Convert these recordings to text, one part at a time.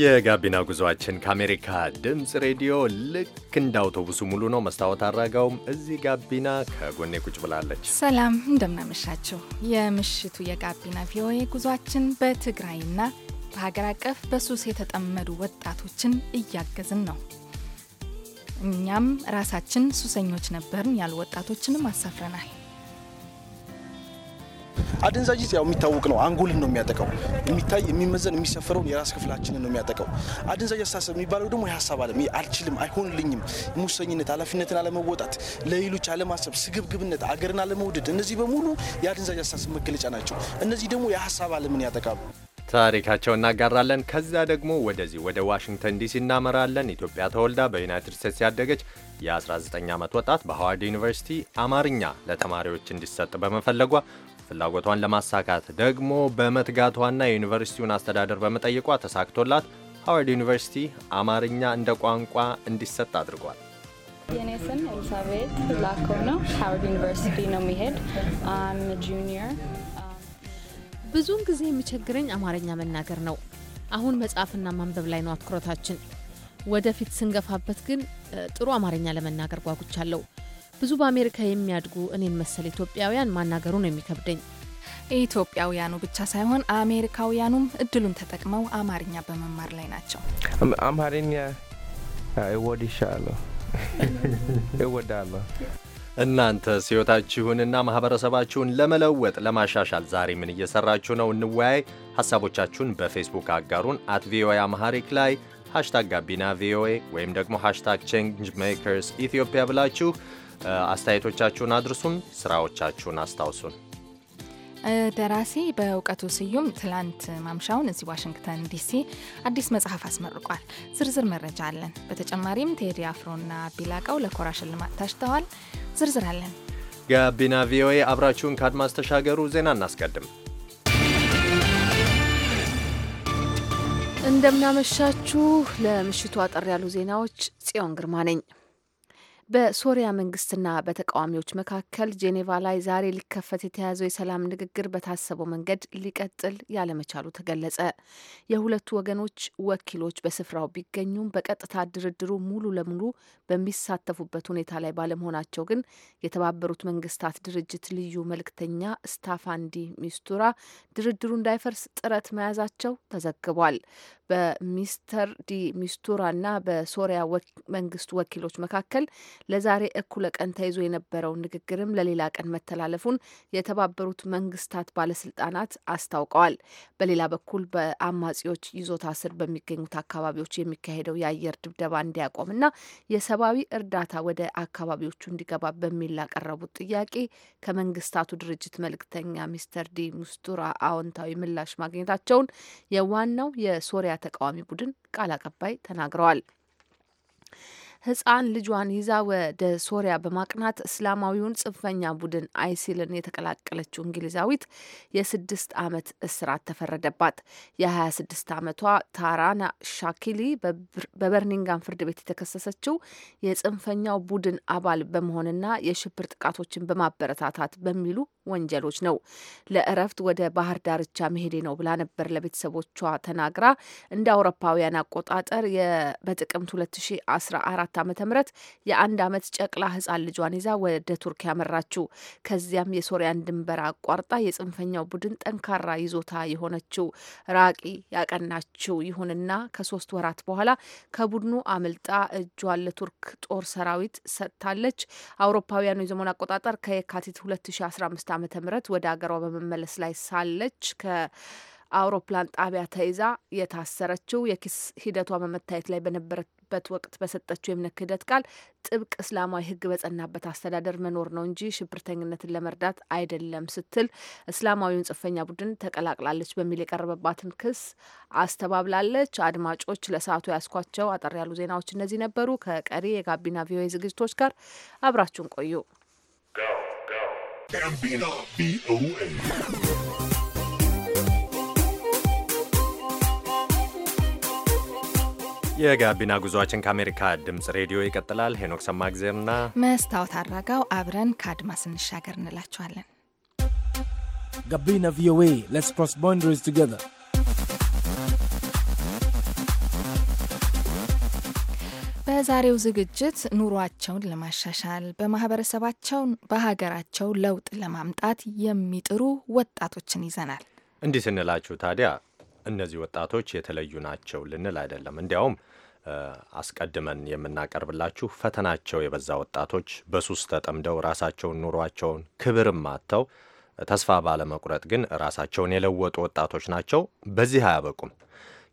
የጋቢና ጉዞአችን ከአሜሪካ ድምፅ ሬዲዮ ልክ እንደ አውቶቡሱ ሙሉ ነው። መስታወት አድራጋውም እዚህ ጋቢና ከጎኔ ቁጭ ብላለች። ሰላም እንደምናመሻቸው። የምሽቱ የጋቢና ቪኦኤ በትግራይ በትግራይና በሀገር አቀፍ በሱስ የተጠመዱ ወጣቶችን እያገዝን ነው። እኛም ራሳችን ሱሰኞች ነበርን ያሉ ወጣቶችንም አሳፍረናል። አደንዛዥ እጽ ያው የሚታወቅ ነው። አንጎልን ነው የሚያጠቀው። የሚታይ የሚመዘን የሚሰፈረውን የራስ ክፍላችንን ነው የሚያጠቀው። አደንዛዥ አስተሳሰብ የሚባለው ደግሞ የሀሳብ አለም አልችልም፣ አይሆንልኝም፣ ሙሰኝነት፣ ኃላፊነትን አለመወጣት፣ ለሌሎች አለማሰብ፣ ስግብግብነት፣ አገርን አለመውደድ፣ እነዚህ በሙሉ የአደንዛዥ አስተሳሰብ መገለጫ ናቸው። እነዚህ ደግሞ የሀሳብ ዓለምን ያጠቃሉ። ታሪካቸው እናጋራለን። ከዛ ደግሞ ወደዚህ ወደ ዋሽንግተን ዲሲ እናመራለን። ኢትዮጵያ ተወልዳ በዩናይትድ ስቴትስ ያደገች የ19 ዓመት ወጣት በሃዋርድ ዩኒቨርሲቲ አማርኛ ለተማሪዎች እንዲሰጥ በመፈለጓ ፍላጎቷን ለማሳካት ደግሞ በመትጋቷና የዩኒቨርሲቲውን አስተዳደር በመጠየቋ ተሳክቶላት ሃዋርድ ዩኒቨርሲቲ አማርኛ እንደ ቋንቋ እንዲሰጥ አድርጓል። የኔ ስም ኤልሳቤት ላኮ ነው። ሃዋርድ ዩኒቨርሲቲ ነው የሚሄድ ጁኒየር። ብዙውን ጊዜ የሚቸግረኝ አማርኛ መናገር ነው። አሁን መጽሐፍና ማንበብ ላይ ነው አትኩረታችን። ወደፊት ስንገፋበት ግን ጥሩ አማርኛ ለመናገር ጓጉቻለሁ። ብዙ በአሜሪካ የሚያድጉ እኔን መሰል ኢትዮጵያውያን ማናገሩ ነው የሚከብደኝ። ኢትዮጵያውያኑ ብቻ ሳይሆን አሜሪካውያኑም እድሉን ተጠቅመው አማርኛ በመማር ላይ ናቸው። አማርኛ እወድሻለሁ፣ እወዳለሁ። እናንተ ሕይወታችሁንና ማህበረሰባችሁን ለመለወጥ ለማሻሻል ዛሬ ምን እየሰራችሁ ነው? እንወያይ። ሀሳቦቻችሁን በፌስቡክ አጋሩን። አት ቪኦኤ አማሐሪክ ላይ ሃሽታግ ጋቢና ቪኦኤ ወይም ደግሞ ሃሽታግ ቼንጅ ሜከርስ ኢትዮጵያ ብላችሁ አስተያየቶቻችሁን አድርሱን፣ ስራዎቻችሁን አስታውሱን። ደራሲ በእውቀቱ ስዩም ትላንት ማምሻውን እዚህ ዋሽንግተን ዲሲ አዲስ መጽሐፍ አስመርቋል። ዝርዝር መረጃ አለን። በተጨማሪም ቴዲ አፍሮና ቢላቀው ለኮራ ሽልማት ታጭተዋል። ዝርዝር አለን። ጋቢና ቪኦኤ አብራችሁን ከአድማስ ተሻገሩ። ዜና እናስቀድም። እንደምናመሻችሁ። ለምሽቱ አጠር ያሉ ዜናዎች ጽዮን ግርማ ነኝ። በሶሪያ መንግስትና በተቃዋሚዎች መካከል ጄኔቫ ላይ ዛሬ ሊከፈት የተያዘው የሰላም ንግግር በታሰበው መንገድ ሊቀጥል ያለመቻሉ ተገለጸ። የሁለቱ ወገኖች ወኪሎች በስፍራው ቢገኙም በቀጥታ ድርድሩ ሙሉ ለሙሉ በሚሳተፉበት ሁኔታ ላይ ባለመሆናቸው ግን የተባበሩት መንግስታት ድርጅት ልዩ መልእክተኛ ስታፋንዲ ሚስቱራ ድርድሩ እንዳይፈርስ ጥረት መያዛቸው ተዘግቧል። በሚስተር ዲ ሚስቱራና በሶሪያ መንግስት ወኪሎች መካከል ለዛሬ እኩለ ቀን ተይዞ የነበረውን ንግግርም ለሌላ ቀን መተላለፉን የተባበሩት መንግስታት ባለስልጣናት አስታውቀዋል። በሌላ በኩል በአማጺዎች ይዞታ ስር በሚገኙት አካባቢዎች የሚካሄደው የአየር ድብደባ እንዲያቆምና የሰብአዊ እርዳታ ወደ አካባቢዎቹ እንዲገባ በሚል ላቀረቡት ጥያቄ ከመንግስታቱ ድርጅት መልእክተኛ ሚስተር ዲ ሙስቱራ አዎንታዊ ምላሽ ማግኘታቸውን የዋናው የሶሪያ ተቃዋሚ ቡድን ቃል አቀባይ ተናግረዋል። ህፃን ልጇን ይዛ ወደ ሶሪያ በማቅናት እስላማዊውን ጽንፈኛ ቡድን አይሲልን የተቀላቀለችው እንግሊዛዊት የስድስት ዓመት እስራት ተፈረደባት። የ26 ዓመቷ ታራና ሻኪሊ በበርኒንጋም ፍርድ ቤት የተከሰሰችው የጽንፈኛው ቡድን አባል በመሆንና የሽብር ጥቃቶችን በማበረታታት በሚሉ ወንጀሎች ነው። ለእረፍት ወደ ባህር ዳርቻ መሄዴ ነው ብላ ነበር ለቤተሰቦቿ ተናግራ እንደ አውሮፓውያን አቆጣጠር በጥቅምት 2014 ዓ ም የአንድ ዓመት ጨቅላ ህጻን ልጇን ይዛ ወደ ቱርክ ያመራችው። ከዚያም የሶሪያን ድንበር አቋርጣ የጽንፈኛው ቡድን ጠንካራ ይዞታ የሆነችው ራቂ ያቀናችው። ይሁንና ከሶስት ወራት በኋላ ከቡድኑ አምልጣ እጇን ለቱርክ ጦር ሰራዊት ሰጥታለች። አውሮፓውያኑ የዘመን አቆጣጠር ከየካቲት 2015 ዓ ም ወደ አገሯ በመመለስ ላይ ሳለች ከ አውሮፕላን ጣቢያ ተይዛ የታሰረችው የክስ ሂደቷ በመታየት ላይ በነበረበት ወቅት በሰጠችው የእምነት ክህደት ቃል ጥብቅ እስላማዊ ሕግ በጸናበት አስተዳደር መኖር ነው እንጂ ሽብርተኝነትን ለመርዳት አይደለም ስትል እስላማዊውን ጽንፈኛ ቡድን ተቀላቅላለች በሚል የቀረበባትን ክስ አስተባብላለች። አድማጮች፣ ለሰዓቱ ያስኳቸው አጠር ያሉ ዜናዎች እነዚህ ነበሩ። ከቀሪ የጋቢና ቪኦኤ ዝግጅቶች ጋር አብራችሁን ቆዩ። ጋቢና ቪኦኤ የጋቢና ጉዟችን ከአሜሪካ ድምጽ ሬዲዮ ይቀጥላል። ሄኖክ ሰማእግዜርና መስታወት አድራጋው አብረን ከአድማስ እንሻገር እንላችኋለን። ጋቢና ቪኦኤ ሌትስ ክሮስ ቦንደሪስ ቱጌዘር በዛሬው ዝግጅት ኑሯቸውን ለማሻሻል በማህበረሰባቸው፣ በሀገራቸው ለውጥ ለማምጣት የሚጥሩ ወጣቶችን ይዘናል። እንዲህ ስንላችሁ ታዲያ እነዚህ ወጣቶች የተለዩ ናቸው ልንል አይደለም። እንዲያውም አስቀድመን የምናቀርብላችሁ ፈተናቸው የበዛ ወጣቶች በሱስ ተጠምደው ራሳቸውን፣ ኑሯቸውን፣ ክብርም አጥተው ተስፋ ባለመቁረጥ ግን ራሳቸውን የለወጡ ወጣቶች ናቸው። በዚህ አያበቁም።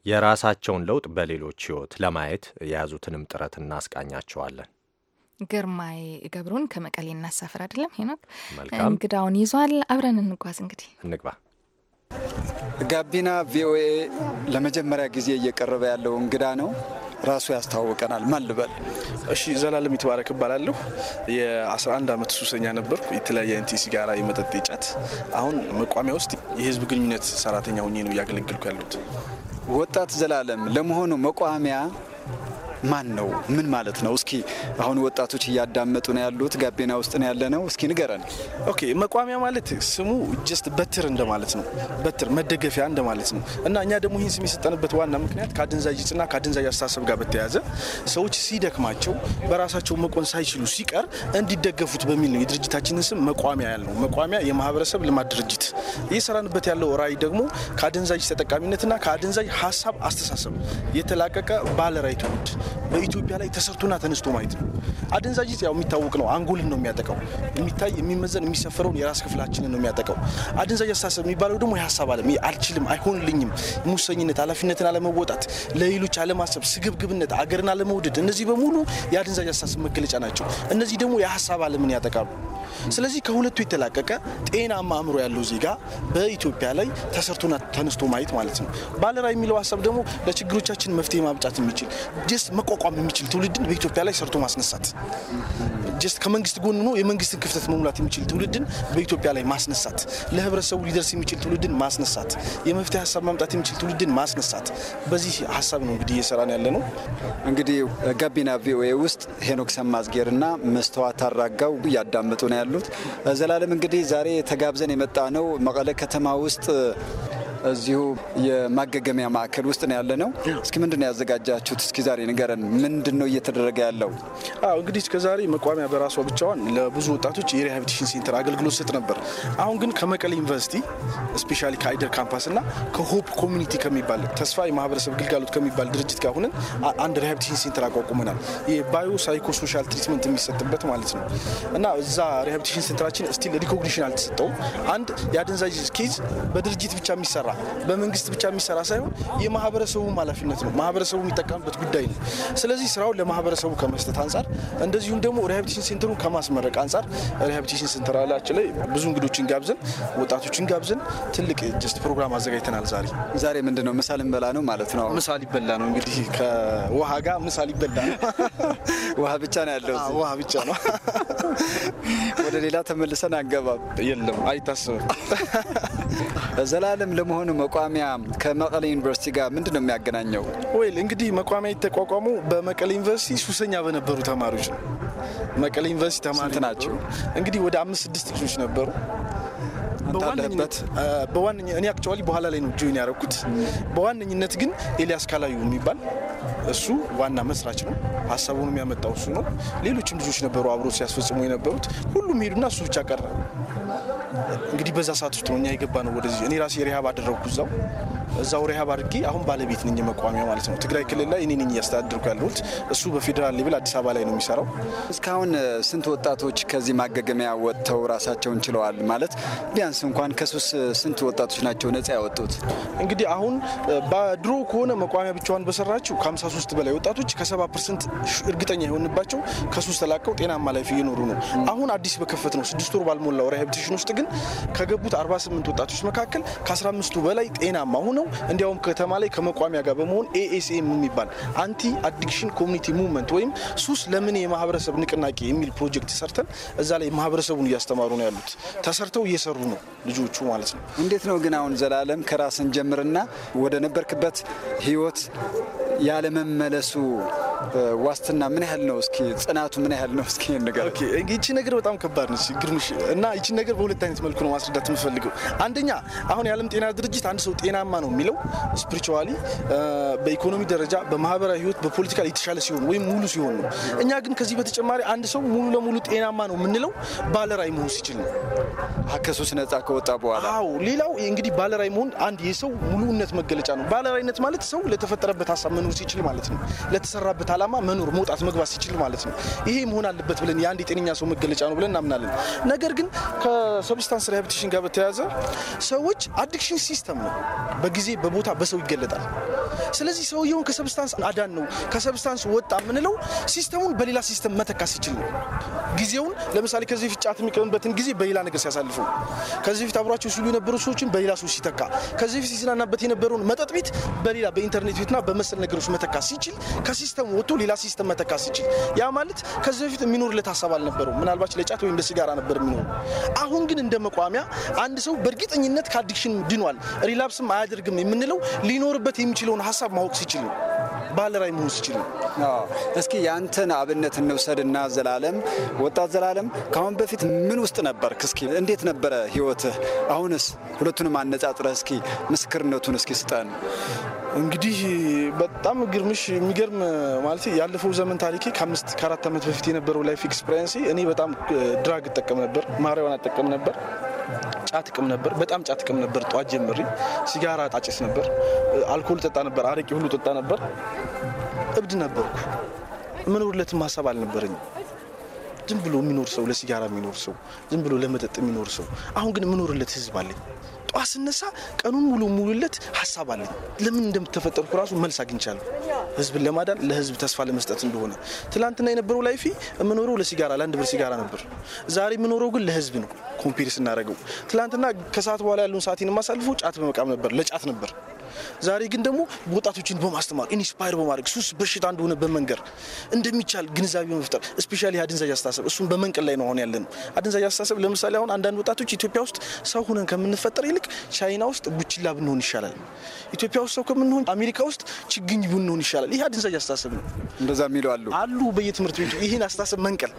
የራሳቸውን ለውጥ በሌሎች ህይወት ለማየት የያዙትንም ጥረት እናስቃኛቸዋለን። ግርማይ ገብሩን ከመቀሌ እናሳፍር አይደለም ሄኖክ እንግዳውን ይዟል። አብረን እንጓዝ እንግዲህ እንግባ። ጋቢና ቪኦኤ ለመጀመሪያ ጊዜ እየቀረበ ያለው እንግዳ ነው። ራሱ ያስተዋውቀናል። ማን ልበል? እሺ ዘላለም ይትባረክ እባላለሁ። የ11 ዓመት ሱሰኛ ነበርኩ። የተለያየ አይነት ሲጋራ፣ የመጠጥ ጫት። አሁን መቋሚያ ውስጥ የህዝብ ግንኙነት ሰራተኛ ሁኜ ነው እያገለግልኩ ያሉት። ወጣት ዘላለም ለመሆኑ መቋሚያ ማን ነው? ምን ማለት ነው? እስኪ አሁን ወጣቶች እያዳመጡ ነው ያሉት፣ ጋቢና ውስጥ ነው ያለ ነው። እስኪ ንገረን። ኦኬ መቋሚያ ማለት ስሙ ጀስት በትር እንደማለት ነው። በትር መደገፊያ እንደማለት ነው። እና እኛ ደግሞ ይህን ስም የሰጠንበት ዋና ምክንያት ከአደንዛዥ እጽና ከአደንዛዥ አስተሳሰብ ጋር በተያያዘ ሰዎች ሲደክማቸው በራሳቸው መቆን ሳይችሉ ሲቀር እንዲደገፉት በሚል ነው የድርጅታችንን ስም መቋሚያ ያልነው። መቋሚያ የማህበረሰብ ልማት ድርጅት እየሰራንበት ያለው ራዕይ ደግሞ ከአደንዛዥ ተጠቃሚነትና ከአደንዛዥ ሀሳብ አስተሳሰብ የተላቀቀ ባለራዕይ ትውልድ በኢትዮጵያ ላይ ተሰርቶና ተነስቶ ማየት ነው። አደንዛዥ እጽ ያው የሚታወቅ ነው፣ አንጎልን ነው የሚያጠቃው። የሚታይ የሚመዘን የሚሰፈረውን የራስ ክፍላችንን ነው የሚያጠቃው። አደንዛዥ አስተሳሰብ የሚባለው ደግሞ የሀሳብ ዓለም አልችልም፣ አይሆንልኝም፣ ሙሰኝነት፣ ኃላፊነትን አለመወጣት፣ ለሌሎች አለማሰብ፣ ስግብግብነት፣ አገርን አለመውደድ፣ እነዚህ በሙሉ የአደንዛዥ አስተሳሰብ መገለጫ ናቸው። እነዚህ ደግሞ የሀሳብ አለምን ያጠቃሉ። ስለዚህ ከሁለቱ የተላቀቀ ጤናማ አእምሮ ያለው ዜጋ በኢትዮጵያ ላይ ተሰርቶና ተነስቶ ማየት ማለት ነው። ባለራ የሚለው ሀሳብ ደግሞ ለችግሮቻችን መፍትሄ ማምጣት የሚችል ስ ሊቋቋም የሚችል ትውልድን በኢትዮጵያ ላይ ሰርቶ ማስነሳት ጀስት ከመንግስት ጎን ሆኖ የመንግስትን ክፍተት መሙላት የሚችል ትውልድን በኢትዮጵያ ላይ ማስነሳት፣ ለህብረተሰቡ ሊደርስ የሚችል ትውልድን ማስነሳት፣ የመፍትሄ ሀሳብ ማምጣት የሚችል ትውልድን ማስነሳት፣ በዚህ ሀሳብ ነው እንግዲህ እየሰራን ያለ ነው። እንግዲህ ጋቢና ቪኦኤ ውስጥ ሄኖክ ሰማዝጌር እና መስተዋት ታራጋው እያዳመጡ ነው ያሉት። ዘላለም እንግዲህ ዛሬ ተጋብዘን የመጣ ነው መቀለ ከተማ ውስጥ እዚሁ የማገገሚያ ማዕከል ውስጥ ነው ያለ ነው። እስኪ ምንድን ነው ያዘጋጃችሁት? እስኪ ዛሬ ንገረን፣ ምንድን ነው እየተደረገ ያለው? አዎ እንግዲህ እስከዛሬ መቋሚያ በራሷ ብቻዋን ለብዙ ወጣቶች የሪሃቢቴሽን ሴንተር አገልግሎት ስጥ ነበር። አሁን ግን ከመቀሌ ዩኒቨርሲቲ ስፔሻሊ ከአይደር ካምፓስ እና ከሆፕ ኮሚኒቲ ከሚባል ተስፋ የማህበረሰብ ግልጋሎት ከሚባል ድርጅት ጋር ሁነን አንድ ሪሃቢቴሽን ሴንተር አቋቁመናል። የባዮ ሳይኮ ሶሻል ትሪትመንት የሚሰጥበት ማለት ነው እና እዛ ሪሃቢቴሽን ሴንተራችን ስቲል ሪኮግኒሽን አልተሰጠውም። አንድ የአደንዛዥ ኬዝ በድርጅት ብቻ የሚሰራ በመንግስት ብቻ የሚሰራ ሳይሆን የማህበረሰቡም ኃላፊነት ነው። ማህበረሰቡ የሚጠቀምበት ጉዳይ ነው። ስለዚህ ስራውን ለማህበረሰቡ ከመስጠት አንጻር እንደዚሁም ደግሞ ሪሃቢቴሽን ሴንተሩን ከማስመረቅ አንጻር ሪሃቢቴሽን ሴንተር አላችን ላይ ብዙ እንግዶችን ጋብዘን ወጣቶችን ጋብዘን ትልቅ ጀስት ፕሮግራም አዘጋጅተናል። ዛሬ ዛሬ ምንድን ነው ምሳ ልንበላ ነው ማለት ነው። ምሳ ሊበላ ነው እንግዲህ ከውሃ ጋር ምሳ ሊበላ ነው። ውሃ ብቻ ነው ያለው። ውሃ ብቻ ነው። ወደ ሌላ ተመልሰን አንገባም። የለም አይታስብም። ዘላለም ለመሆ መሆኑ መቋሚያ ከመቀሌ ዩኒቨርሲቲ ጋር ምንድን ነው የሚያገናኘው? ወይል እንግዲህ መቋሚያ የተቋቋሙ በመቀሌ ዩኒቨርሲቲ ሱሰኛ በነበሩ ተማሪዎች ነው። መቀሌ ዩኒቨርሲቲ ተማሪ ናቸው። እንግዲህ ወደ አምስት ስድስት ልጆች ነበሩ። በዋነኛ እኔ አክቹዋሊ በኋላ ላይ ነው ጆይን ያደረኩት። በዋነኝነት ግን ኤልያስ ካላዩ የሚባል እሱ ዋና መስራች ነው። ሀሳቡን የሚያመጣው እሱ ነው። ሌሎችም ልጆች ነበሩ አብሮ ሲያስፈጽሙ የነበሩት። ሁሉም ሄዱና እሱ ብቻ ቀረ። እንግዲህ በዛ ሰዓት ውስጥ ነው እኛ የገባ ነው ወደዚህ። እኔ ራሴ ሪሃብ አደረግኩ እዛው እዛው ሪሃብ አድርጌ አሁን ባለቤት ነኝ መቋሚያ ማለት ነው። ትግራይ ክልል ላይ እኔ ነኝ እያስተዳድርኩ ያለሁት። እሱ በፌዴራል ሌቭል አዲስ አበባ ላይ ነው የሚሰራው። እስካሁን ስንት ወጣቶች ከዚህ ማገገሚያ ወጥተው ራሳቸውን ችለዋል? ማለት ቢያንስ እንኳን ከሱስ ስንት ወጣቶች ናቸው ነጻ ያወጡት? እንግዲህ አሁን በድሮ ከሆነ መቋሚያ ብቻዋን በሰራችው ከ53 በላይ ወጣቶች ከ70 ፐርሰንት እርግጠኛ የሆንባቸው ከሱስ ተላቀው ጤናማ ላይፍ እየኖሩ ነው። አሁን አዲስ በከፈት ነው ስድስት ወር ባልሞላው ሪሃቢቴሽን ውስጥ ግን ከገቡት 48 ወጣቶች መካከል ከ15ቱ በላይ ጤናማ ሆነው እንዲያውም ከተማ ላይ ከመቋሚያ ጋር በመሆን ኤኤስኤም የሚባል አንቲ አዲክሽን ኮሚኒቲ ሙቭመንት ወይም ሱስ ለምን የማህበረሰብ ንቅናቄ የሚል ፕሮጀክት ሰርተን እዛ ላይ ማህበረሰቡን እያስተማሩ ነው ያሉት። ተሰርተው እየሰሩ ነው ልጆቹ ማለት ነው። እንዴት ነው ግን አሁን ዘላለም ከራስን ጀምርና ወደ ነበርክበት ህይወት ያለመመለሱ ዋስትና ምን ያህል ነው? እስኪ ጽናቱ ምን ያህል ነው? እስኪ ንገር። ይቺ ነገር በጣም ከባድ ነች ግርምሽ እና ይቺ ነገር በሁለት አይነት መልኩ ነው ማስረዳት የምፈልገው። አንደኛ አሁን የዓለም ጤና ድርጅት አንድ ሰው ጤናማ ነው የሚለው ስፒሪቹዋሊ፣ በኢኮኖሚ ደረጃ፣ በማህበራዊ ህይወት፣ በፖለቲካ የተሻለ ሲሆን ወይም ሙሉ ሲሆን ነው። እኛ ግን ከዚህ በተጨማሪ አንድ ሰው ሙሉ ለሙሉ ጤናማ ነው የምንለው ባለራይ መሆን ሲችል ነው። ከሱስ ነጻ ከወጣ በኋላ። አዎ ሌላው እንግዲህ ባለራይ መሆን አንድ የሰው ሙሉነት መገለጫ ነው። ባለራይነት ማለት ሰው ለተፈጠረበት ሀሳብ መኖር ሲችል ማለት ነው ለተሰራበት ያለበት ዓላማ መኖር፣ መውጣት፣ መግባት ሲችል ማለት ነው። ይሄ መሆን አለበት ብለን የአንድ የጤነኛ ሰው መገለጫ ነው ብለን እናምናለን። ነገር ግን ከሰብስታንስ ሪሃብሊቴሽን ጋር በተያያዘ ሰዎች አዲክሽን ሲስተም ነው። በጊዜ በቦታ በሰው ይገለጣል። ስለዚህ ሰውየውን ከሰብስታንስ አዳን ነው ከሰብስታንስ ወጣ የምንለው ሲስተሙን በሌላ ሲስተም መተካት ሲችል ነው። ጊዜውን ለምሳሌ ከዚህ በፊት ጫት የሚቀምበትን ጊዜ በሌላ ነገር ሲያሳልፉ፣ ከዚህ በፊት አብሯቸው ሲሉ የነበሩ ሰዎችን በሌላ ሰዎች ሲተካ፣ ከዚህ በፊት ሲዝናናበት የነበረውን መጠጥ ቤት በሌላ በኢንተርኔት ቤትና በመሰል ነገሮች መተካት ሲችል፣ ከሲስተም ወጥቶ ሌላ ሲስተም መተካት ሲችል፣ ያ ማለት ከዚህ በፊት የሚኖርለት ሀሳብ አልነበረው። ምናልባት ለጫት ወይም ለሲጋራ ነበር የሚኖሩ። አሁን ግን እንደ መቋሚያ አንድ ሰው በእርግጠኝነት ከአዲክሽን ድኗል፣ ሪላፕስም አያደርግም የምንለው ሊኖርበት የሚችለውን ሀሳብ ሀሳብ ማወቅ ሲችል ነው ባለ ራዕይ መሆን ሲችል ነው። እስኪ ያንተን አብነት እንውሰድና ዘላለም ወጣት ዘላለም ከአሁን በፊት ምን ውስጥ ነበር? እስኪ እንዴት ነበረ ህይወትህ? አሁንስ ሁለቱንም አነጻጥረህ እስኪ ምስክርነቱን እስኪ ስጠን። እንግዲህ በጣም ግርምሽ የሚገርም ማለት ያለፈው ዘመን ታሪኬ ከአምስት ከአራት ዓመት በፊት የነበረው ላይፍ ኤክስፔሪንስ እኔ በጣም ድራግ እጠቀም ነበር፣ ማሪዋን አጠቀም ነበር ጫት ቅም ነበር፣ በጣም ጫት ቅም ነበር። ጠዋት ጀምሬ ሲጋራ ጣጭስ ነበር፣ አልኮል ጠጣ ነበር፣ አረቄ ሁሉ ጠጣ ነበር። እብድ ነበርኩ። የምኖርለትም ሀሳብ አልነበረኝም። ዝም ብሎ የሚኖር ሰው፣ ለሲጋራ የሚኖር ሰው፣ ዝም ብሎ ለመጠጥ የሚኖር ሰው። አሁን ግን የምኖርለት ህዝብ አለኝ። ጠዋት ስነሳ ቀኑን ሙሉ ሙሉለት ሀሳብ አለኝ። ለምን እንደምተፈጠርኩ ራሱ መልስ አግኝቻለሁ። ህዝብን ለማዳን ለህዝብ ተስፋ ለመስጠት እንደሆነ ትላንትና የነበረው ላይፊ የምኖረው ለሲጋራ ለአንድ ብር ሲጋራ ነበር። ዛሬ የምኖረው ግን ለህዝብ ነው። ኮምፒር ስናደረገው ትላንትና ከሰዓት በኋላ ያለውን ሰዓት የማሳልፈው ጫት በመቃም ነበር፣ ለጫት ነበር። ዛሬ ግን ደግሞ ወጣቶችን በማስተማር ኢንስፓየር በማድረግ ሱስ በሽታ እንደሆነ በመንገር እንደሚቻል ግንዛቤ መፍጠር ስፔሻሊ አደንዛዥ አስተሳሰብ እሱን በመንቀል ላይ ነው አሁን ያለ ነው። አደንዛዥ አስተሳሰብ ለምሳሌ አሁን አንዳንድ ወጣቶች ኢትዮጵያ ውስጥ ሰው ሁነን ከምንፈጠር ይልቅ ቻይና ውስጥ ቡችላ ብንሆን ይሻላል፣ ኢትዮጵያ ውስጥ ሰው ከምንሆን አሜሪካ ውስጥ ችግኝ ብንሆን ይሻላል። ይህ አደንዛዥ አስተሳሰብ ነው። እንደዛ የሚለው አሉ አሉ በየትምህርት ቤቱ ይህን አስተሳሰብ መንቀል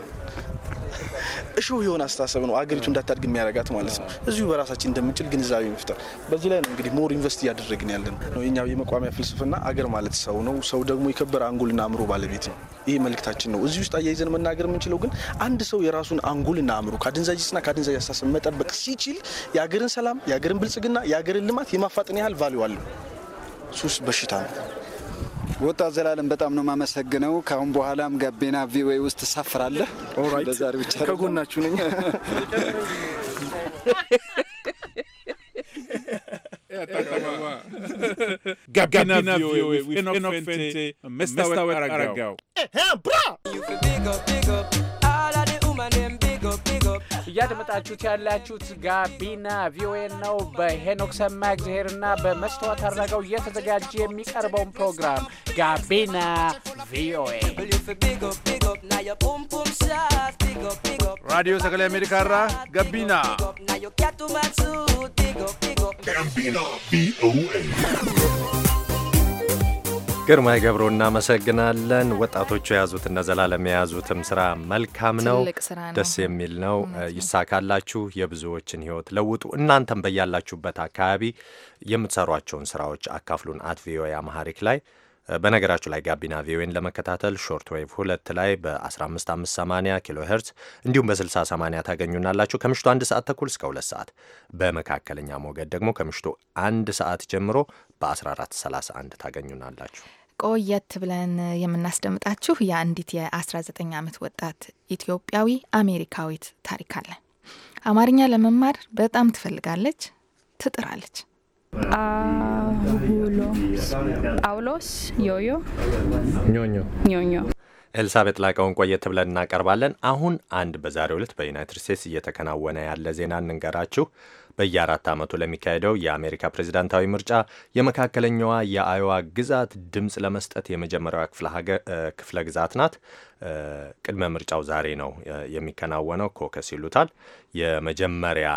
እሾህ የሆነ አስተሳሰብ ነው አገሪቱ እንዳታድግ የሚያደርጋት ማለት ነው። እዚሁ በራሳችን እንደምንችል ግንዛቤ መፍጠር፣ በዚህ ላይ ነው እንግዲህ ሞር ኢንቨስት እያደረግን ያለ ነው። የኛ የመቋሚያ ፍልስፍና አገር ማለት ሰው ነው፣ ሰው ደግሞ የከበረ አንጎልና አእምሮ ባለቤት ነው። ይህ መልእክታችን ነው። እዚህ ውስጥ አያይዘን መናገር የምንችለው ግን አንድ ሰው የራሱን አንጎልና አእምሮ ከአደንዛዥና ከአደንዛዥ አስተሳሰብ መጠበቅ ሲችል የአገርን ሰላም፣ የአገርን ብልጽግና፣ የአገርን ልማት የማፋጠን ያህል ቫሊዩ አለው። ሱስ በሽታ ነው። ወጣት ዘላለም በጣም ነው የማመሰግነው። ካሁን በኋላም ጋቤና ቪኦኤ ውስጥ ትሳፍራለህ። ዛሬ ብቻ ከጎናችሁ ነኝ። ጋቢና ቪኦኤ መስታወት አረጋው እያደመጣችሁት ያላችሁት ጋቢና ቪኦኤ ነው። በሄኖክ ሰማ እግዚአብሔርና በመስተዋት አድረገው እየተዘጋጀ የሚቀርበውን ፕሮግራም ጋቢና ቪኦኤ ራዲዮ አሜሪካ ራ ጋቢና ጋቢና ቪኦኤ ግርማ ገብሮ እናመሰግናለን። ወጣቶቹ የያዙትና ዘላለም የያዙትም ስራ መልካም ነው፣ ደስ የሚል ነው። ይሳካላችሁ፣ የብዙዎችን ህይወት ለውጡ። እናንተም በያላችሁበት አካባቢ የምትሰሯቸውን ስራዎች አካፍሉን። አት ቪኦኤ አማሐሪክ ላይ በነገራችሁ ላይ ጋቢና ቪኦኤን ለመከታተል ሾርት ዌቭ ሁለት ላይ በ15580 ኪሎ ሄርትስ እንዲሁም በ6080 ታገኙናላችሁ። ከምሽቱ አንድ ሰዓት ተኩል እስከ ሁለት ሰዓት በመካከለኛ ሞገድ ደግሞ ከምሽቱ አንድ ሰዓት ጀምሮ በ1431 ታገኙናላችሁ። ቆየት ብለን የምናስደምጣችሁ የአንዲት የ19 ዓመት ወጣት ኢትዮጵያዊ አሜሪካዊት ታሪክ አለ። አማርኛ ለመማር በጣም ትፈልጋለች፣ ትጥራለች። ጳውሎስ ዮዮ ኞኞ ኞኞ ኤልሳቤጥ ላቀውን ቆየት ብለን እናቀርባለን። አሁን አንድ በዛሬው ዕለት በዩናይትድ ስቴትስ እየተከናወነ ያለ ዜና እንንገራችሁ። በየአራት ዓመቱ ለሚካሄደው የአሜሪካ ፕሬዚዳንታዊ ምርጫ የመካከለኛዋ የአዮዋ ግዛት ድምፅ ለመስጠት የመጀመሪያዋ ክፍለ ግዛት ናት። ቅድመ ምርጫው ዛሬ ነው የሚከናወነው። ኮከስ ይሉታል። የመጀመሪያ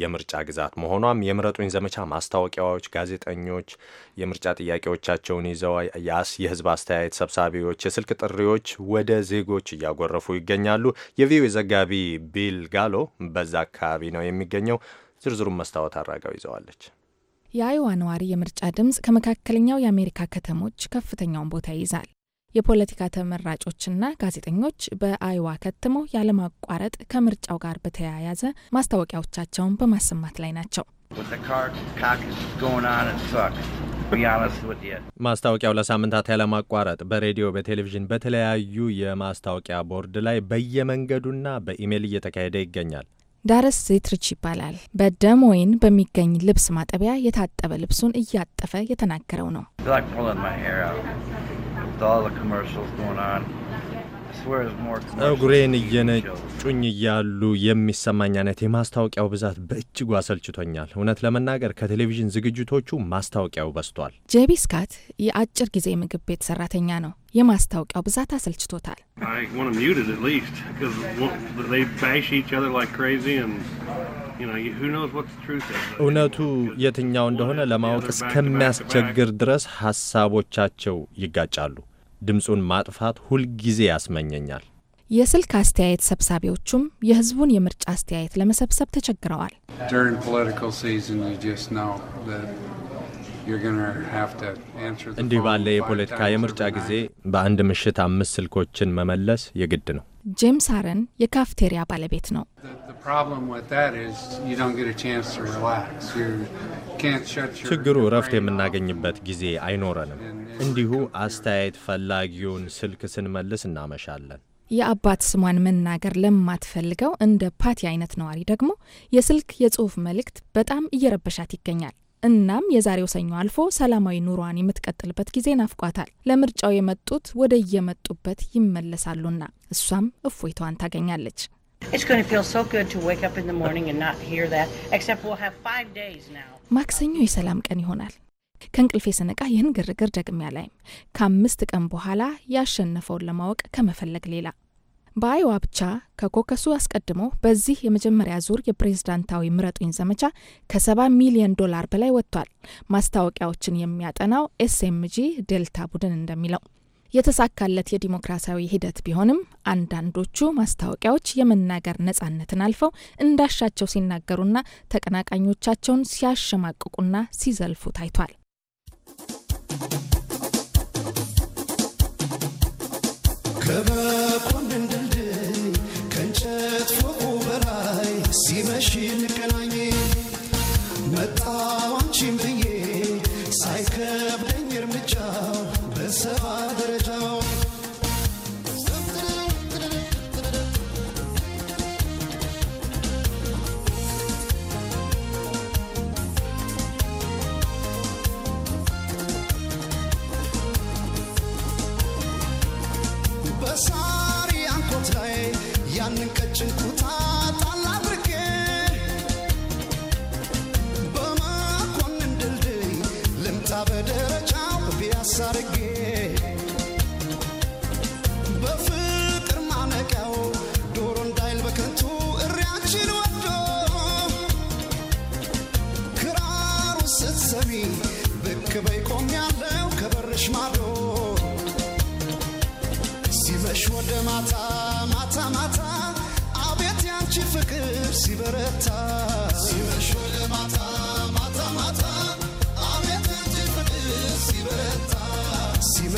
የምርጫ ግዛት መሆኗም የምረጡኝ ዘመቻ ማስታወቂያዎች፣ ጋዜጠኞች የምርጫ ጥያቄዎቻቸውን ይዘው ያስ የህዝብ አስተያየት ሰብሳቢዎች፣ የስልክ ጥሪዎች ወደ ዜጎች እያጎረፉ ይገኛሉ። የቪኦኤ ዘጋቢ ቢል ጋሎ በዛ አካባቢ ነው የሚገኘው። ዝርዝሩን መስታወት አራጋው ይዘዋለች። የአይዋ ነዋሪ የምርጫ ድምፅ ከመካከለኛው የአሜሪካ ከተሞች ከፍተኛውን ቦታ ይይዛል። የፖለቲካ ተመራጮችና ጋዜጠኞች በአይዋ ከትመው ያለማቋረጥ ከምርጫው ጋር በተያያዘ ማስታወቂያዎቻቸውን በማሰማት ላይ ናቸው። ማስታወቂያው ለሳምንታት ያለማቋረጥ በሬዲዮ፣ በቴሌቪዥን፣ በተለያዩ የማስታወቂያ ቦርድ ላይ በየመንገዱና በኢሜይል እየተካሄደ ይገኛል። ዳረስ ዜትርች ይባላል። በደም ወይን በሚገኝ ልብስ ማጠቢያ የታጠበ ልብሱን እያጠፈ የተናገረው ነው። ጸጉሬን እየነጩኝ እያሉ የሚሰማኝ አይነት የማስታወቂያው ብዛት በእጅጉ አሰልችቶኛል። እውነት ለመናገር ከቴሌቪዥን ዝግጅቶቹ ማስታወቂያው በዝቷል። ጄቢ ስካት የአጭር ጊዜ ምግብ ቤት ሰራተኛ ነው። የማስታወቂያው ብዛት አሰልችቶታል። እውነቱ የትኛው እንደሆነ ለማወቅ እስከሚያስቸግር ድረስ ሀሳቦቻቸው ይጋጫሉ። ድምፁን ማጥፋት ሁልጊዜ ያስመኘኛል። የስልክ አስተያየት ሰብሳቢዎቹም የህዝቡን የምርጫ አስተያየት ለመሰብሰብ ተቸግረዋል። እንዲህ ባለ የፖለቲካ የምርጫ ጊዜ በአንድ ምሽት አምስት ስልኮችን መመለስ የግድ ነው። ጄምስ አረን የካፍቴሪያ ባለቤት ነው። ችግሩ እረፍት የምናገኝበት ጊዜ አይኖረንም። እንዲሁ አስተያየት ፈላጊውን ስልክ ስንመልስ እናመሻለን። የአባት ስሟን መናገር ለማትፈልገው እንደ ፓቲ አይነት ነዋሪ ደግሞ የስልክ የጽሁፍ መልእክት በጣም እየረበሻት ይገኛል። እናም የዛሬው ሰኞ አልፎ ሰላማዊ ኑሯን የምትቀጥልበት ጊዜ ናፍቋታል። ለምርጫው የመጡት ወደ የመጡበት ይመለሳሉና እሷም እፎይታዋን ታገኛለች። ማክሰኞ የሰላም ቀን ይሆናል። ከእንቅልፌ ስነቃ ይህን ግርግር ደግሜ አላይም። ከአምስት ቀን በኋላ ያሸነፈውን ለማወቅ ከመፈለግ ሌላ በአይዋ ብቻ ከኮከሱ አስቀድሞ በዚህ የመጀመሪያ ዙር የፕሬዝዳንታዊ ምረጡኝ ዘመቻ ከ ሚሊዮን ዶላር በላይ ወጥቷል። ማስታወቂያዎችን የሚያጠናው ኤስኤምጂ ዴልታ ቡድን እንደሚለው የተሳካለት የዲሞክራሲያዊ ሂደት ቢሆንም አንዳንዶቹ ማስታወቂያዎች የመናገር ነጻነትን አልፈው እንዳሻቸው ሲናገሩና ተቀናቃኞቻቸውን ሲያሸማቅቁና ሲዘልፉ ታይቷል። ከመኮንን ድልድይ ከእንጨት ፎቁ በላይ ሲመሽን በደረጃው ቢያሳርጌ በፍቅር ማነቀው ዶሮ እንዳይል በከንቱ እሪያችን ወዶ ክራሩ ስትሰሚ ብክ በይ ቆም ያለው ከበርሽ ማዶ ሲመሽ ወደ ማታ ማታ ማታ አቤት ያንቺ ፍቅር ሲበረታ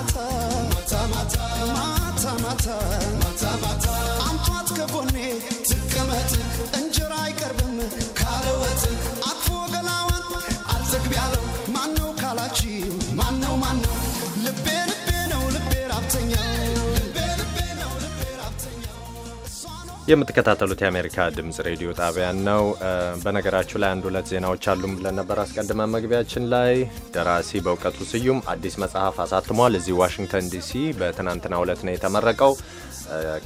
ማታ ማታ ማታ ከጎኔ ትቀመጥ እንጀራ አይቀርብም ካለወጥ የምትከታተሉት የአሜሪካ ድምፅ ሬዲዮ ጣቢያን ነው። በነገራችሁ ላይ አንድ ሁለት ዜናዎች አሉም ብለን ነበር አስቀድመን መግቢያችን ላይ። ደራሲ በእውቀቱ ስዩም አዲስ መጽሐፍ አሳትሟል። እዚህ ዋሽንግተን ዲሲ በትናንትናው ዕለት ነው የተመረቀው።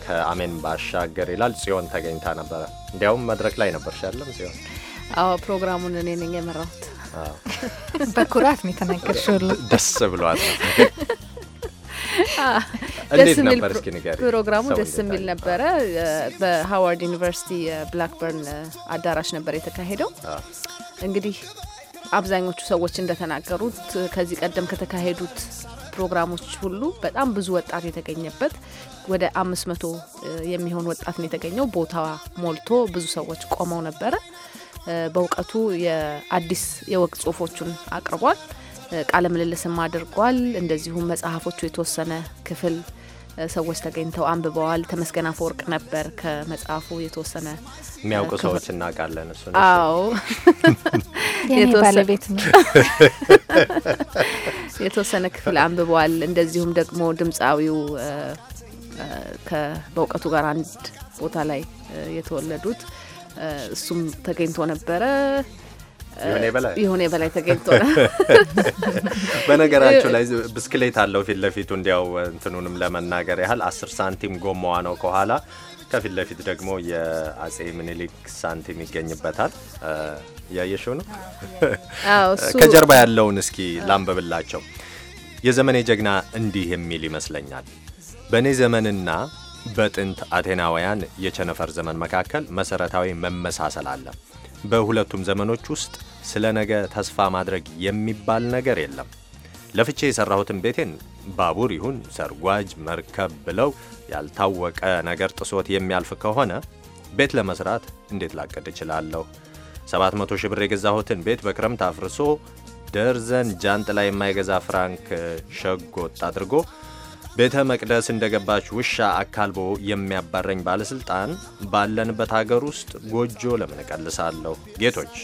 ከአሜን ባሻገር ይላል። ጽዮን ተገኝታ ነበረ። እንዲያውም መድረክ ላይ ነበር ሻለም ጽዮን። አዎ ፕሮግራሙን እኔ ነኝ የመራሁት። በኩራት ነው የተናገርሽው። ደስ ብሏል። ደስ የሚል ፕሮግራሙ ደስ የሚል ነበረ። በሃዋርድ ዩኒቨርሲቲ ብላክበርን አዳራሽ ነበር የተካሄደው። እንግዲህ አብዛኞቹ ሰዎች እንደተናገሩት ከዚህ ቀደም ከተካሄዱት ፕሮግራሞች ሁሉ በጣም ብዙ ወጣት የተገኘበት ወደ አምስት መቶ የሚሆን ወጣት ነው የተገኘው። ቦታ ሞልቶ ብዙ ሰዎች ቆመው ነበረ። በእውቀቱ የአዲስ የወግ ጽሁፎቹን አቅርቧል። ቃለ ምልልስም አድርጓል። እንደዚሁም መጽሐፎቹ የተወሰነ ክፍል ሰዎች ተገኝተው አንብበዋል። ተመስገን አፈወርቅ ነበር ከመጽሐፉ የተወሰነ የሚያውቁ ሰዎች እናውቃለን። እሱ አዎ፣ ባለቤት ነው። የተወሰነ ክፍል አንብበዋል። እንደዚሁም ደግሞ ድምፃዊው በእውቀቱ ጋር አንድ ቦታ ላይ የተወለዱት እሱም ተገኝቶ ነበረ። ቢሆኔ በላይ በላይ ላይ ብስክሌት አለው ፊት ለፊቱ እንዲያው እንትኑንም ለመናገር ያህል አስር ሳንቲም ጎማዋ ነው ከኋላ ከፊት ለፊት ደግሞ የአጼ ምኒልክ ሳንቲም ይገኝበታል። እያየሽው ነው። ከጀርባ ያለውን እስኪ ላንብብላቸው። የዘመኔ ጀግና እንዲህ የሚል ይመስለኛል። በእኔ ዘመንና በጥንት አቴናውያን የቸነፈር ዘመን መካከል መሰረታዊ መመሳሰል አለ። በሁለቱም ዘመኖች ውስጥ ስለ ነገ ተስፋ ማድረግ የሚባል ነገር የለም። ለፍቼ የሠራሁትን ቤቴን ባቡር ይሁን ሰርጓጅ መርከብ ብለው ያልታወቀ ነገር ጥሶት የሚያልፍ ከሆነ ቤት ለመስራት እንዴት ላቅድ እችላለሁ? 700 ሺህ ብር የገዛሁትን ቤት በክረምት አፍርሶ ደርዘን ጃንጥላ የማይገዛ ፍራንክ ሸጎጥ አድርጎ ቤተ መቅደስ እንደገባች ውሻ አካልቦ የሚያባረኝ ባለሥልጣን ባለንበት አገር ውስጥ ጎጆ ለምን እቀልሳለሁ? ጌቶች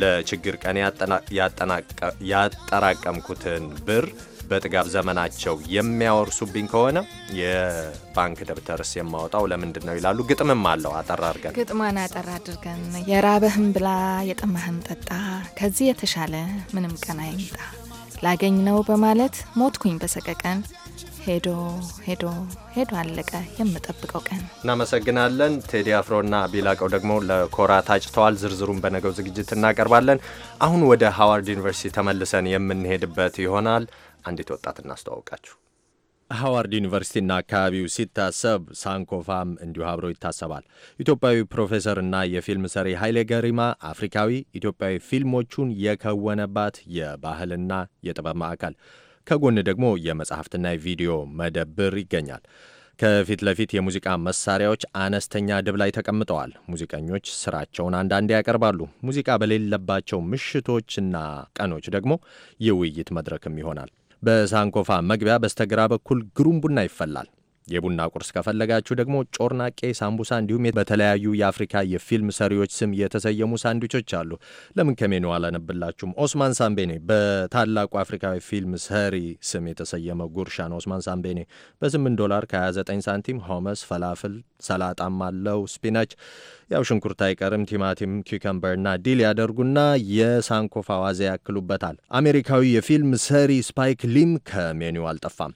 ለችግር ቀን ያጠራቀምኩትን ብር በጥጋብ ዘመናቸው የሚያወርሱብኝ ከሆነ የባንክ ደብተርስ የማወጣው ለምንድን ነው ይላሉ። ግጥምም አለው አጠራ አድርገን ግጥሟን አጠራ አድርገን የራበህም ብላ የጠማህም ጠጣ፣ ከዚህ የተሻለ ምንም ቀን አይምጣ፣ ላገኝ ነው በማለት ሞትኩኝ በሰቀቀን ሄዶ ሄዶ ሄዶ አለቀ የምጠብቀው ቀን። እናመሰግናለን። ቴዲ አፍሮና ቢላቀው ደግሞ ለኮራ ታጭተዋል። ዝርዝሩን በነገው ዝግጅት እናቀርባለን። አሁን ወደ ሃዋርድ ዩኒቨርሲቲ ተመልሰን የምንሄድበት ይሆናል። አንዲት ወጣት እናስተዋውቃችሁ። ሃዋርድ ዩኒቨርሲቲና አካባቢው ሲታሰብ ሳንኮፋም እንዲሁ አብሮ ይታሰባል። ኢትዮጵያዊ ፕሮፌሰርና የፊልም ሰሪ ኃይሌ ገሪማ አፍሪካዊ ኢትዮጵያዊ ፊልሞቹን የከወነባት የባህልና የጥበብ ማዕከል ከጎን ደግሞ የመጽሐፍትና የቪዲዮ መደብር ይገኛል። ከፊት ለፊት የሙዚቃ መሳሪያዎች አነስተኛ ድብ ላይ ተቀምጠዋል። ሙዚቀኞች ስራቸውን አንዳንዴ ያቀርባሉ። ሙዚቃ በሌለባቸው ምሽቶችና ቀኖች ደግሞ የውይይት መድረክም ይሆናል። በሳንኮፋ መግቢያ በስተግራ በኩል ግሩም ቡና ይፈላል። የቡና ቁርስ ከፈለጋችሁ ደግሞ ጮርናቄ፣ ሳምቡሳ እንዲሁም በተለያዩ የአፍሪካ የፊልም ሰሪዎች ስም የተሰየሙ ሳንድዊቾች አሉ። ለምን ከሜኑ አላነብላችሁም? ኦስማን ሳምቤኔ በታላቁ አፍሪካዊ ፊልም ሰሪ ስም የተሰየመ ጉርሻ ነው። ኦስማን ሳምቤኔ በ8 ዶላር ከ29 ሳንቲም ሆመስ፣ ፈላፍል፣ ሰላጣም አለው። ስፒናች ያው ሽንኩርት አይቀርም። ቲማቲም፣ ኪከምበር ኪከምበርና ዲል ያደርጉና የሳንኮፍ አዋዜ ያክሉበታል። አሜሪካዊ የፊልም ሰሪ ስፓይክ ሊም ከሜኑ አልጠፋም።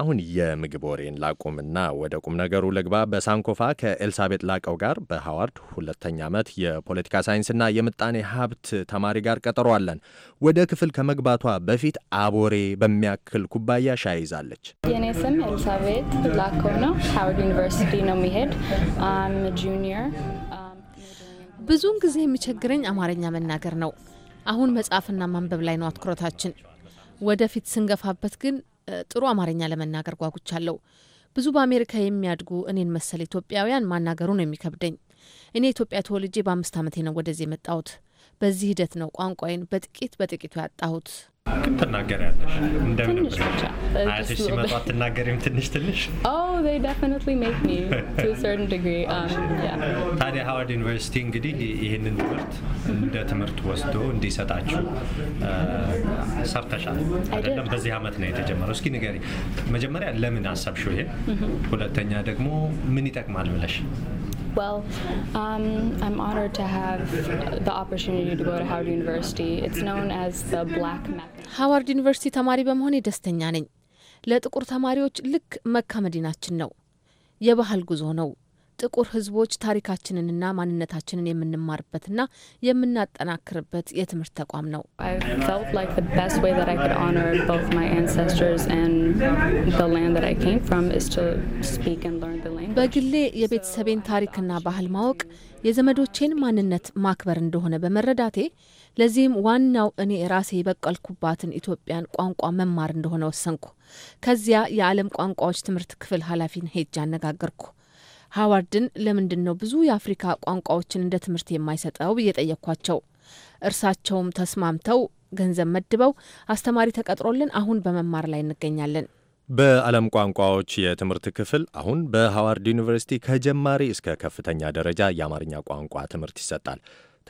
አሁን የምግብ ወሬን ላቁምና ወደ ቁም ነገሩ ልግባ። በሳንኮፋ ከኤልሳቤጥ ላቀው ጋር በሃዋርድ ሁለተኛ ዓመት የፖለቲካ ሳይንስና የምጣኔ ሀብት ተማሪ ጋር ቀጠሮ አለን። ወደ ክፍል ከመግባቷ በፊት አቦሬ በሚያክል ኩባያ ሻይ ይዛለች። የእኔ ስም ኤልሳቤጥ ላቀው ነው። ሃዋርድ ዩኒቨርሲቲ ነው የሚሄድ ጁኒየር። um, ብዙውን ጊዜ የሚቸግረኝ አማርኛ መናገር ነው። አሁን መጽሐፍና ማንበብ ላይ ነው አትኩረታችን። ወደፊት ስንገፋበት ግን ጥሩ አማርኛ ለመናገር ጓጉቻለሁ። ብዙ በአሜሪካ የሚያድጉ እኔን መሰል ኢትዮጵያውያን ማናገሩ ነው የሚከብደኝ። እኔ ኢትዮጵያ ተወልጄ በአምስት ዓመቴ ነው ወደዚህ የመጣሁት። በዚህ ሂደት ነው ቋንቋዬን በጥቂት በጥቂቱ ያጣሁት። ትናገሪያለሽ እንደምንም አያትሽ ሲመጡ አትናገሪም? ትንሽ ትንሽ oh, um, ታዲያ ሀዋርድ ዩኒቨርሲቲ እንግዲህ ይህንን ትምህርት እንደ ትምህርት ወስዶ እንዲሰጣችሁ ሰርተሻል አይደለም? በዚህ አመት ነው የተጀመረው። እስኪ ንገሪ መጀመሪያ ለምን አሰብሽው ይሄ፣ mm-hmm. ሁለተኛ ደግሞ ምን ይጠቅማል ብለሽ Well, um, I'm honored to have the opportunity to go to Howard University. It's known as the Black Mecca. ሃዋርድ ዩኒቨርሲቲ ተማሪ በመሆኔ ደስተኛ ነኝ። ለጥቁር ተማሪዎች ልክ መካ መዲናችን ነው። የባህል ጉዞ ነው። ጥቁር ህዝቦች ታሪካችንንና ማንነታችንን የምንማርበትና የምናጠናክርበት የትምህርት ተቋም ነው። በግሌ የቤተሰቤን ታሪክና ባህል ማወቅ የዘመዶቼን ማንነት ማክበር እንደሆነ በመረዳቴ ለዚህም ዋናው እኔ ራሴ የበቀልኩባትን ኢትዮጵያን ቋንቋ መማር እንደሆነ ወሰንኩ። ከዚያ የዓለም ቋንቋዎች ትምህርት ክፍል ኃላፊን ሄጅ አነጋገርኩ። ሀዋርድን ለምንድን ነው ብዙ የአፍሪካ ቋንቋዎችን እንደ ትምህርት የማይሰጠው እየጠየኳቸው እርሳቸውም ተስማምተው ገንዘብ መድበው አስተማሪ ተቀጥሮልን አሁን በመማር ላይ እንገኛለን። በዓለም ቋንቋዎች የትምህርት ክፍል አሁን በሃዋርድ ዩኒቨርሲቲ ከጀማሪ እስከ ከፍተኛ ደረጃ የአማርኛ ቋንቋ ትምህርት ይሰጣል።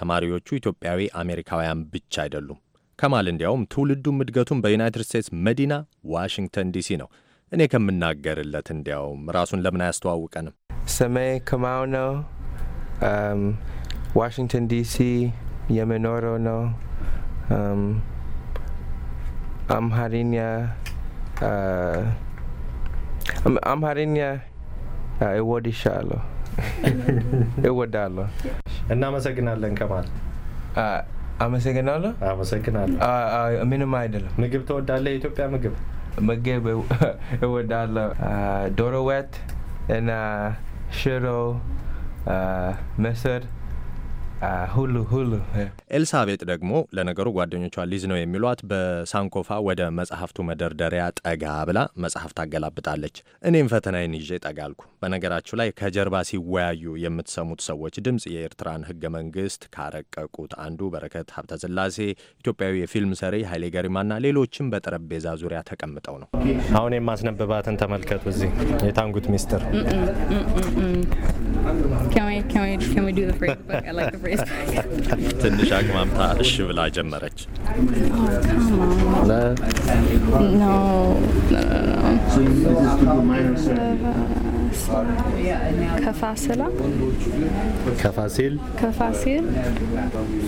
ተማሪዎቹ ኢትዮጵያዊ አሜሪካውያን ብቻ አይደሉም። ከማል እንዲያውም ትውልዱም እድገቱም በዩናይትድ ስቴትስ መዲና ዋሽንግተን ዲሲ ነው። እኔ ከምናገርለት እንዲያውም ራሱን ለምን አያስተዋውቀንም? Same Kamauno, um, Washington, D.C., Yemenorono, um, Amharinya, uh, am, Amharinya uh, እወድሻለሁ እወዳለሁ። እናመሰግናለን ከማል አመሰግናለሁ። አመሰግናለሁ። ምንም አይደለም። ምግብ ትወዳለህ? የኢትዮጵያ ምግብ ምግብ እወዳለሁ። uh, ዶሮ ወጥ እና Shiro, uh, Messer, ሁሉ ሁሉ ኤልሳቤጥ ደግሞ ለነገሩ ጓደኞቿ ሊዝ ነው የሚሏት በሳንኮፋ ወደ መጽሐፍቱ መደርደሪያ ጠጋ ብላ መጽሐፍ ታገላብጣለች። እኔም ፈተናዬን ይዤ ጠጋልኩ። በነገራችሁ ላይ ከጀርባ ሲወያዩ የምትሰሙት ሰዎች ድምፅ የኤርትራን ህገ መንግስት ካረቀቁት አንዱ በረከት ሀብተስላሴ፣ ኢትዮጵያዊ የፊልም ሰሪ ኃይሌ ገሪማና ሌሎችም በጠረጴዛ ዙሪያ ተቀምጠው ነው። አሁን የማስነብባትን ተመልከቱ። እዚህ የታንጉት ሚስጥር ትንሽ አቅማምታ እሽ ብላ ጀመረች። ከፋስላ ከፋሲል ከፋሲል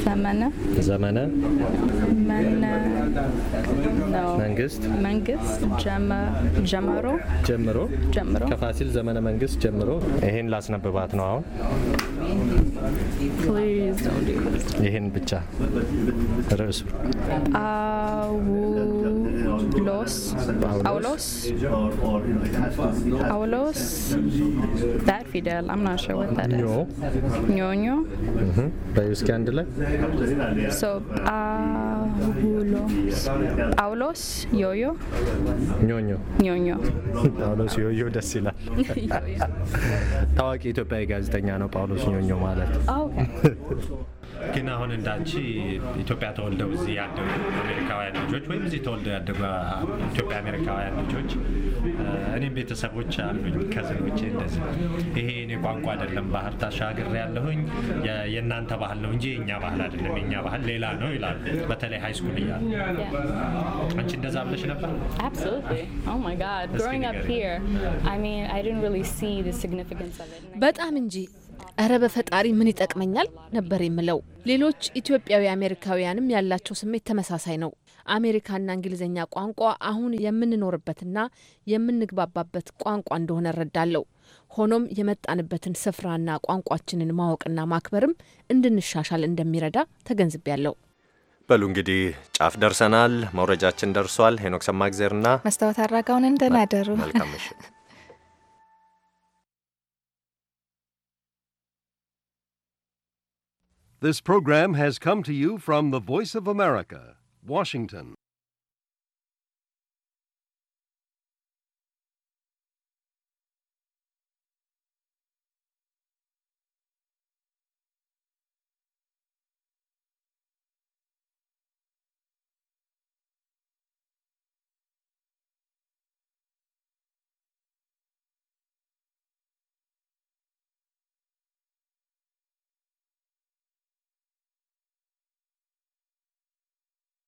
ዘመነ ዘመነ መንግስት መንግስት ጀምሮ ጀምሮ ጀምሮ ከፋሲል ዘመነ መንግስት ጀምሮ ይሄን ላስነብባት ነው አሁን ይህን ብቻ ርዕሱ ጳውሎስ ጳውሎስ ጳውሎስ That fidel, I'm not sure what that is. Nyo. Nyo. Mm-hmm. በዩስኪ አንድ ላይ ሶ ጳውሎስ ጳውሎስ ዮዮ ጳውሎስ ዮዮ ደስ ይላል። ታዋቂ ኢትዮጵያዊ ጋዜጠኛ ነው ጳውሎስ ኞኞ ማለት ግን አሁን እንዳንቺ ኢትዮጵያ ተወልደው እዚህ ያደጉ አሜሪካውያን ልጆች ወይም እዚህ ተወልደው ያደጉ ኢትዮጵያ አሜሪካውያን ልጆች እኔም ቤተሰቦች አሉኝ ከዘቦቼ እንደዚህ ይሄ እኔ ቋንቋ አይደለም ባህል ታሻግር ያለሁኝ የእናንተ ባህል ነው እንጂ የእኛ ባህል አይደለም፣ የእኛ ባህል ሌላ ነው ይላሉ። በተለይ ሀይ ስኩል እያሉ አንቺ እንደዛ ብለሽ ነበር? Oh በጣም እንጂ እረ በፈጣሪ ምን ይጠቅመኛል ነበር የምለው። ሌሎች ኢትዮጵያዊ አሜሪካውያንም ያላቸው ስሜት ተመሳሳይ ነው። አሜሪካና እንግሊዝኛ ቋንቋ አሁን የምንኖርበትና የምንግባባበት ቋንቋ እንደሆነ እረዳለሁ። ሆኖም የመጣንበትን ስፍራና ቋንቋችንን ማወቅና ማክበርም እንድንሻሻል እንደሚረዳ ተገንዝቤያለሁ። በሉ እንግዲህ ጫፍ ደርሰናል። መውረጃችን ደርሷል። ሄኖክ ሰማእግዜርና መስታወት አድራጋውን እንደናደሩ መልካም ምሽት። This program has come to you from the Voice of America, Washington.